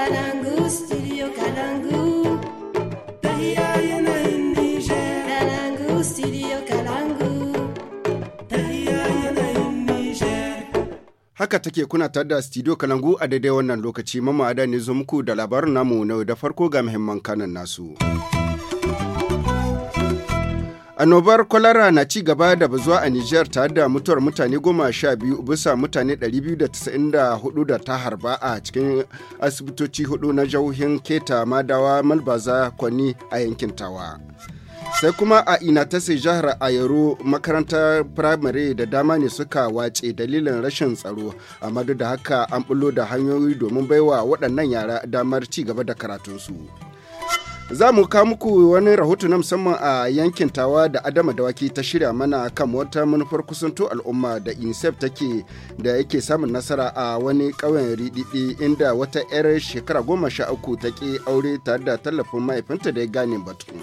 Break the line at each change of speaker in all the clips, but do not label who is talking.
Kalangu, studio Kalangu. Tahiya yanayin Nijar. Kalangu, studio Kalangu. Tahiya
yanayin Nijar. Haka take kuna tare da studio Kalangu a daidai wannan lokaci mamada ne zo muku da labarin namu na da farko ga muhimman kanan nasu. Annobar kwalara na ci gaba da bazuwa a Nijar tare da mutuwar mutane goma sha biyu bisa mutane 294 da ta harba a cikin asibitoci hudu na jahohin Keta Madawa Malbaza Kwani a yankin Tawa. Sai kuma a ina ta sai jihar Ayero makarantar firamare da dama ne suka wace dalilin rashin tsaro, amma duk da haka an bullo da hanyoyi domin baiwa waɗannan yara damar ci gaba da karatunsu. Za mu kawo muku wani rahoto na musamman a yankin tawa da Adama Dawaki ta shirya mana kan wata manufar kusanto al'umma da UNICEF take da yake samun nasara a wani ƙauyen riɗiɗi inda wata 'yar shekara goma sha uku take aure tare da tallafin mahaifinta da ya gane batun.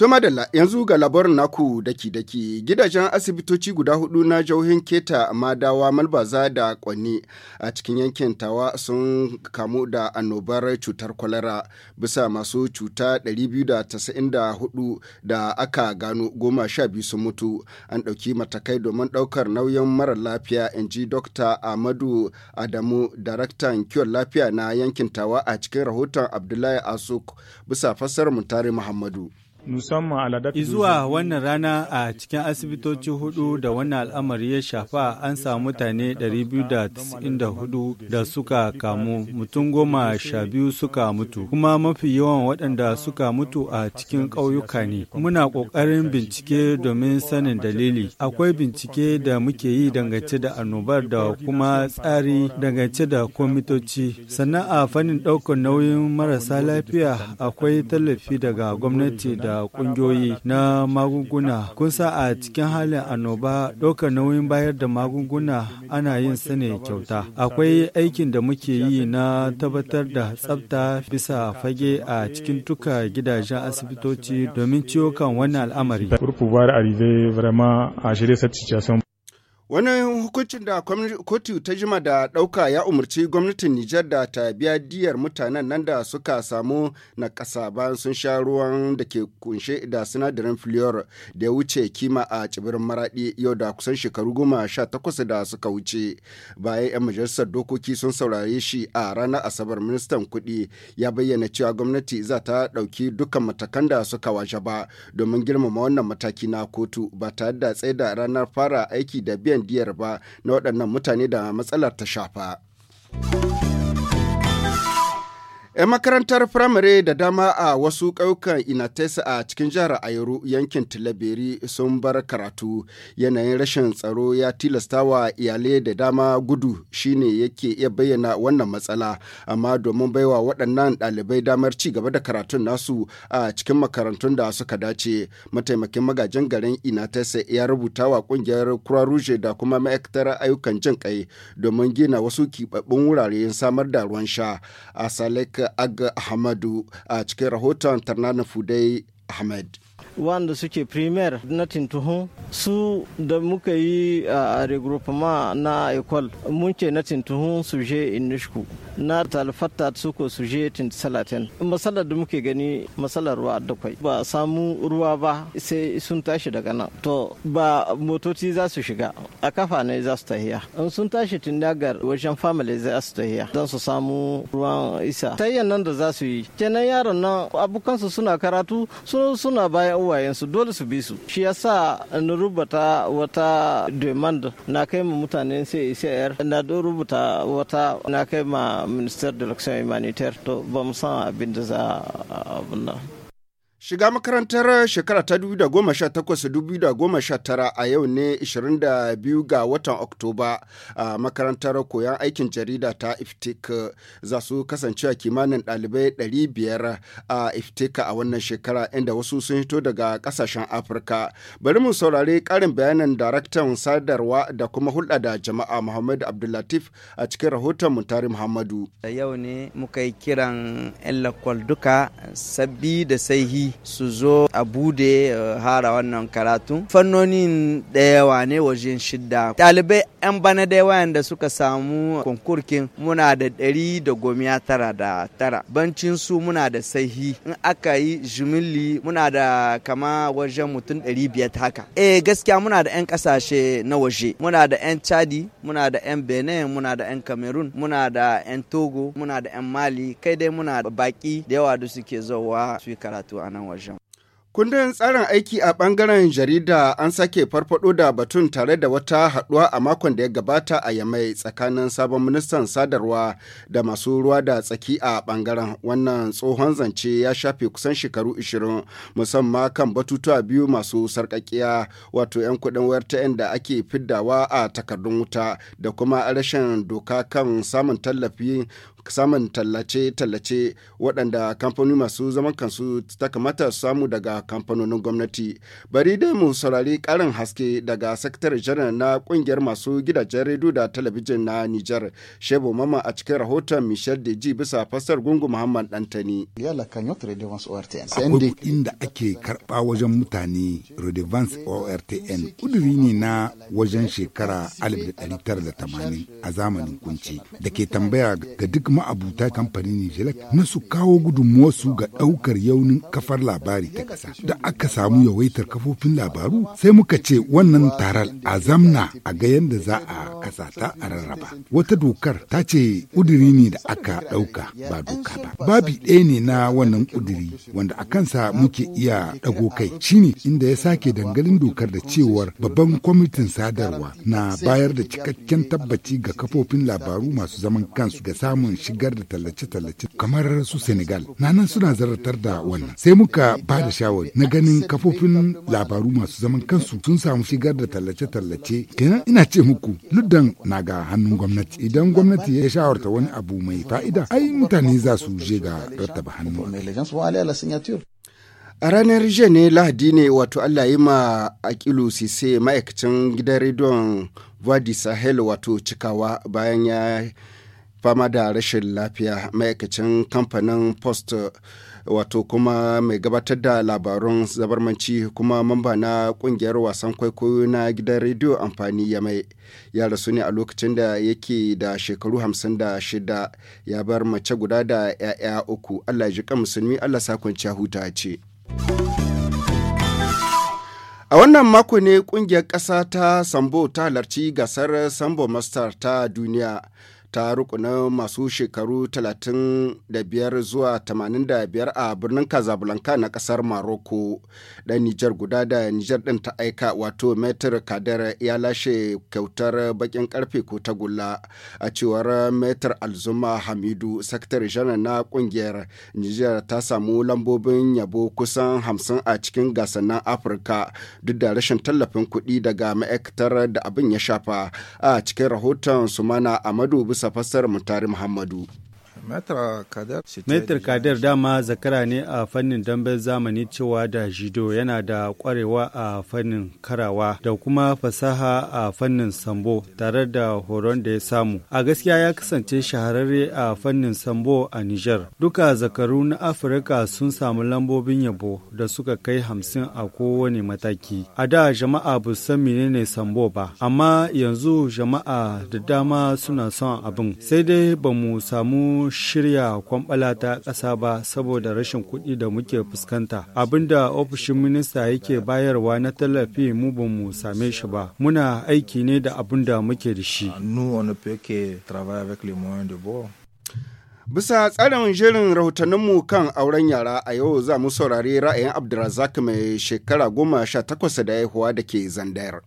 To madalla yanzu ga labarin naku daki-daki gidajen asibitoci guda hudu na jauhin keta madawa malbaza da kwani a cikin yankin tawa sun kamu da annobar cutar kwalara bisa masu cuta 294 da aka gano goma sha biyu sun mutu an ɗauki matakai domin ɗaukar nauyin mara lafiya in ji Dr. amadu adamu daraktan kiwon lafiya na yankin tawa a cikin rahoton abdullahi asuk bisa fassarar muhammadu. Izuwa
wannan rana a cikin asibitoci hudu da wannan al'amari ya shafa an samu mutane 294 da suka kamu, mutum goma sha biyu suka mutu, kuma mafi yawan waɗanda suka mutu a cikin ƙauyuka ne. Muna ƙoƙarin bincike domin sanin dalili. Akwai bincike da muke yi dangance da annobar da kuma tsari dangance da kwamitoci. Sannan a fannin ɗaukar nauyin marasa lafiya akwai tallafi daga gwamnati da da kungiyoyi na magunguna kun sa a cikin halin annoba ɗaukar nauyin bayar da magunguna ana yin sa ne kyauta akwai aikin da muke yi na tabbatar da tsabta bisa fage a cikin duka gidajen asibitoci domin ciwo kan wannan al'amari
Wani hukuncin da kotu ta jima da ɗauka ya umarci gwamnatin Nijar da ta biya diyar mutanen nan da suka samu na ƙasa bayan sun sha ruwan da ke kunshe da sinadarin fluor da ya wuce kima a tsibirin maraɗi yau da kusan shekaru goma sha takwas da suka wuce. Bayan 'yan majalisar dokoki sun saurare shi a ranar Asabar ministan kuɗi ya bayyana cewa gwamnati za ta ɗauki dukkan matakan da suka waje ba domin girmama wannan mataki na kotu ba tare da tsaida ranar fara aiki da biyan biyan ba na waɗannan mutane da matsalar ta shafa. 'Yan makarantar firamare da dama a wasu ƙauyukan Inatesa a cikin jihar Ayoro yankin Tilaberi sun bar karatu. Yanayin rashin tsaro ya tilastawa iyalai da dama gudu shine yake iya bayyana wannan matsala. Amma domin baiwa waɗannan ɗalibai damar ci gaba da karatun nasu a cikin makarantun da suka dace. Mataimakin magajin garin Inatesa ya rubuta wa ƙungiyar Kura Rouge da kuma ma'aikatar ayyukan jin kai domin gina wasu keɓaɓɓun wuraren samar da ruwan sha. A Salek Ag Ahmadu a cikin rahoton Tarnana Fudai Ahmed.
wanda suke primaire na tintuhu su da muka yi a regroupement na ecole mun ce na tintuhu su je inishku na talfatta suko su je salatin masalar da muke gani masalar ruwa da kwai ba samu ruwa ba sai sun tashi daga nan to ba motoci za su shiga a kafa ne za su tahiya in sun tashi tun dagar wajen family za su tahiya don su samu ruwan isa tayyan nan da za su yi kenan yaron nan abokansu suna karatu su suna bayan uwayensu dole su bi su shi yasa rubuta wata demand na kai ma mutane sai na rubuta wata na kai ma ministère de l'action humanitaire
to bom sa abin da za a Shiga makarantar shekara ta 2018-2019 a yau ne 22 ga watan Oktoba a makarantar koyon aikin jarida ta Iftik za su kasance a kimanin ɗalibai 500 a Iftik a wannan shekara inda wasu sun hito daga ƙasashen Afirka. Bari mu saurari ƙarin bayanan daraktan sadarwa da kuma hulɗa da jama'a Muhammadu Abdullatif a cikin rahoton Muntari Muhammadu. Yau ne muka yi
kiran 'yan duka sabbi da sahihi. su zo a bude eh, hara wannan karatu fannonin da yawa ne wajen shidda ɗalibai 'yan bana da yawa da suka samu konkurkin muna da ɗari da gomiya tara da tara bancin su muna da sahi in aka yi jimilli muna da kama wajen mutum ɗari biyar haka eh gaskiya muna da 'yan ƙasashe na waje muna da 'yan chadi muna da 'yan benin muna da 'yan cameroon muna da 'yan togo muna da 'yan mali kai dai muna da baki da yawa da suke zowa su yi karatu a nan nan wajen.
Kundin tsarin aiki a bangaren jarida an sake farfado da batun tare da wata haduwa a makon da ya gabata a yamai tsakanin sabon ministan sadarwa da masu ruwa da tsaki a bangaren wannan tsohon zance ya shafe kusan shekaru 20 musamman kan batutuwa biyu masu sarkakiya wato 'yan kuɗin wayar ta da ake fiddawa a takardun wuta da kuma rashin doka kan samun tallafi samun tallace-tallace waɗanda kamfani masu zaman kansu ta kamata su samu daga kamfanonin gwamnati. Bari dai mu saurari ƙarin haske daga sakatare janar na ƙungiyar masu gidajen redu da talabijin na Nijar, Shebo Mama a cikin rahoton Michel Deji bisa fasar Gungu Muhammad Dantani. Akwai
kuɗin da ake karɓa wajen mutane Redevance ORTN ƙuduri ne na wajen shekara 1980 a zamanin kunci da ke tambaya ga duk ma'abuta kamfanin Nijelak na su kawo gudunmuwarsu ga ɗaukar yaunin kafar labari ta ƙasa. Da aka samu yawaitar kafofin labaru sai muka ce wannan taral a zamna a ga yadda za a kasa ta a rarraba. Wata dokar ta ce ƙuduri ne da aka ɗauka ba doka ba. Babi ɗaya ne na wannan ƙuduri wanda a kansa muke iya ɗago kai shine inda ya sake dangalin dokar da cewar babban kwamitin sadarwa na bayar da cikakken tabbaci ga kafofin labaru masu zaman kansu ga samun shigar da tallace-tallace kamar su Senegal. Na nan suna zartar da wannan. Sai muka ba da shawari na ganin kafofin labaru masu zaman kansu sun samu shigar da tallace-tallace. Kenan ina ce muku luddan na ga hannun gwamnati. Idan gwamnati ya shawarta wani abu mai fa'ida, ai mutane za su
je ga rattaba hannu. A ranar jiya Lahadi ne wato Allah yi ma Akilu Sise ma'aikacin gidan rediyon Vadi Sahel wato cikawa bayan ya fama da rashin lafiya ma'aikacin kamfanin post wato kuma mai gabatar da labarun zabarmanci kuma mamba na kungiyar wasan kwaikwayo na gidan rediyo amfani ya mai ya rasu ne a lokacin da yake da shekaru 56 ya bar mace guda da 'ya'ya uku allah ji kan musulmi allah sakonci huta ce. A wannan mako ne kungiyar ƙasa ta Sambo ta halarci gasar Sambo Master ta duniya. ta rukuna masu shekaru 35 zuwa 85 a birnin Casablanca na kasar Morocco. da Nijar guda da Nijar ɗin ta aika wato Metr Kadar ya lashe kyautar bakin karfe ko tagulla a cewar Metr Alzuma Hamidu sakatare janar na kungiyar Nijar ta samu lambobin yabo kusan 50 a cikin gasannin Afirka duk da rashin tallafin kuɗi daga ma'aikatar da abin ya shafa a cikin rahoton Sumana Amadu bisa fassarar mutari muhammadu Maitar
Kadar dama zakara ne a fannin damben zamani cewa da Jido yana da kwarewa a fannin karawa da kuma fasaha a fannin sambo tare da horon da ya samu. A gaskiya ya kasance shahararre a fannin sambo a Nijar. Duka zakaru na Afirka sun samu lambobin yabo da suka kai hamsin a kowane mataki. A da jama'a bu san menene sambo ba, amma yanzu jama'a da dama suna son abin. Sai dai ba mu samu shirya kwambala ta ƙasa ba saboda rashin kuɗi da muke fuskanta. Abinda ofishin minista yake bayarwa na tallafi mu ba mu same shi ba. Muna aiki ne da abin da muke da
shi. Bisa tsarin shirin rahotanninmu kan auren yara a yau za mu saurari ra'ayin Abdulrazak mai shekara goma sha takwas da haihuwa da ke Zandayar.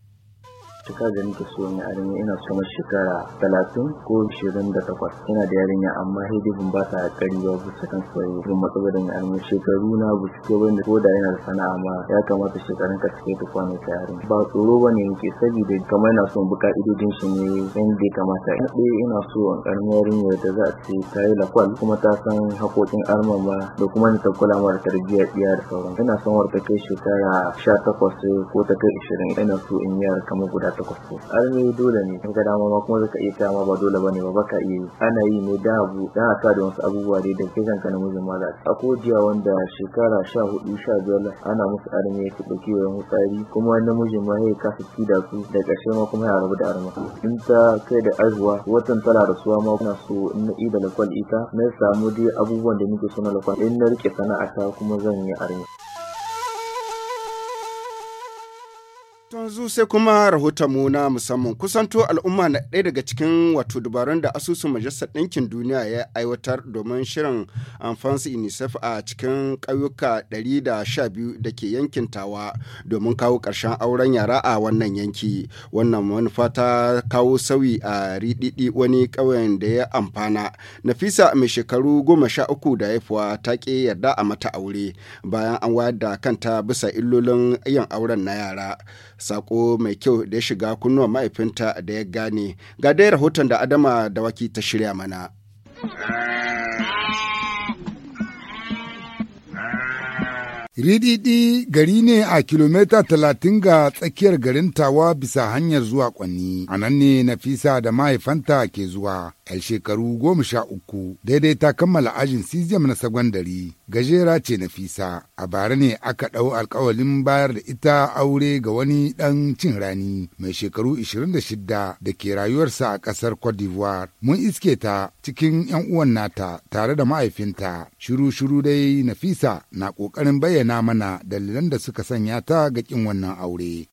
cika da nake so ni yarinya ina so shekara talatin ko ishirin da takwas ina da yarinya amma hidibin ba ta kari ba bisa kan soyayya irin matsalar yarinya shekaru na bu cike bane ko da yana da sana'a ma ya kamata shekarun ka cike ta kwana ta yarin ba tsoro bane yake saboda kamar ina son buka idodin shi ne yanda ya kamata ina ɗaya ina so an karamin yarinya da za a ce ta yi lakwal kuma ta san haƙoƙin arman ba, da kuma ni ta kula tarbiya tarbiyyar ɗiya da sauran ina son warta kai shekara sha takwas ko ta kai ashirin, ina so in yi kamar guda takwas armi dole ne in ga dama ma kuma zaka iya ta ma ba dole bane ba baka iya yi ana yi ne da abu da aka da wasu abubuwa dai da kai kanka namijin ma za a kodiya wanda shekara 14 15 ana musu armi ya kuɗa kiwon tsari kuma namijin ma ya kasa ki da su da ƙarshe ma kuma ya rabu da arma in ta kai da azuwa watan tana rasuwa ma kuna so in na ida da kwal ita na samu dai abubuwan
da nake so na lakwal in na rike sana'a ta kuma zan yi armi yanzu sai kuma rahoton mu na musamman kusanto al'umma na ɗaya daga cikin wato dubaran da asusun majalisar ɗinkin duniya ya aiwatar domin shirin amfansu ah, unicef a cikin ƙauyuka 112 da ke yankin tawa domin kawo ƙarshen auren yara a wannan yanki wannan manufa ta kawo sauyi a riɗiɗi wani ƙauyen da ya amfana nafisa mai shekaru goma sha uku da haifuwa ta ƙi yarda a mata aure bayan an wayar da kanta bisa illolin yin auren na yara sako mai kyau da ya shiga kunnuwa mahaifinta da ya gane ga dai rahoton da adama da waki ta shirya mana Rididi gari ne a
kilomita talatin ga tsakiyar garin Tawa bisa hanyar zuwa Kwanni. A nan ne Nafisa da mahaifanta ke zuwa, 'yar shekaru goma sha uku, daidai ta kammala ajin Sizium na sagwandari. gajera ce Nafisa, a bara ne aka ɗau alkawalin bayar da ita aure ga wani ɗan cin rani mai shekaru 26 da ke rayuwarsa a ƙasar Cote d'Ivoire. Mun iske ta cikin 'yan uwan nata tare da mahaifinta, shiru-shiru dai Nafisa na ƙoƙarin bayyana mana dalilan da suka sanya ta ga ƙin wannan aure.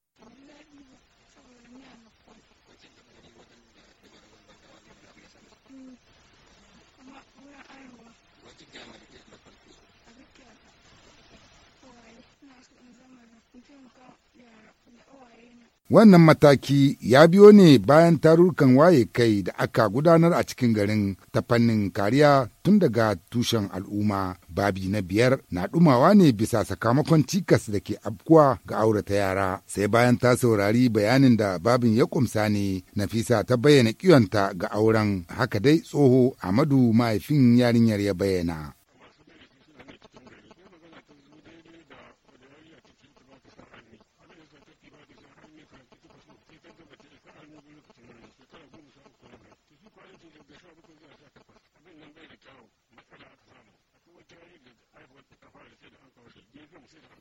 Wannan mataki ya biyo ne bayan tarurrukan waye kai da aka gudanar a cikin garin ta fannin kariya tun daga tushen al'umma babi na biyar na dumawa ne bisa sakamakon cikas da ke abkuwa ga aurata yara sai bayan ta saurari bayanin da babin ya kumsa ne nafisa ta bayyana kiyonta ga auren haka dai tsoho amadu mahaifin yarinyar ya bayyana
わけじゃないから結局その携帯とかでさ、あれのブロックとなるんですけど、ゴムさんこれが。結局あれで別のことではさ、abin nan da da sai da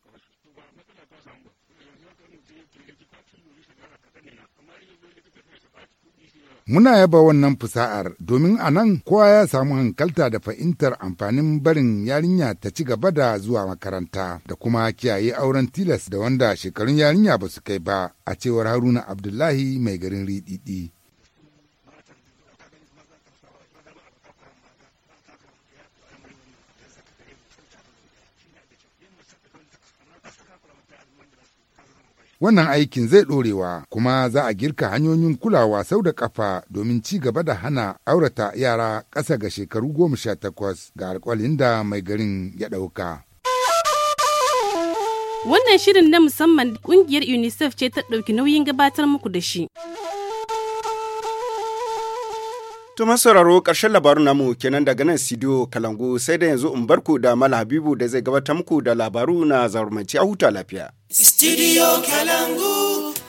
Muna yaba wannan fusa'ar domin a nan kowa ya samu hankalta da fahimtar amfanin barin yarinya ta ci gaba da zuwa makaranta da kuma kiyaye auren tilas da wanda shekarun yarinya ba su kai ba a cewar Haruna Abdullahi mai garin riɗiɗi. Wannan aikin zai ɗorewa kuma za a girka hanyoyin kulawa sau da ƙafa domin ci gaba da hana aurata yara ƙasa ga shekaru goma sha takwas ga alƙalin da mai garin ya ɗauka.
Wannan shirin na musamman ƙungiyar UNICEF ce ta ɗauki nauyin gabatar muku da shi. Tuman sauraro ƙarshen labarun namu kenan daga nan studio Kalangu sai da yanzu in barku da Mala Habibu da zai gabatar muku da labaru na zarumanci a huta lafiya.
Studio Kalangu.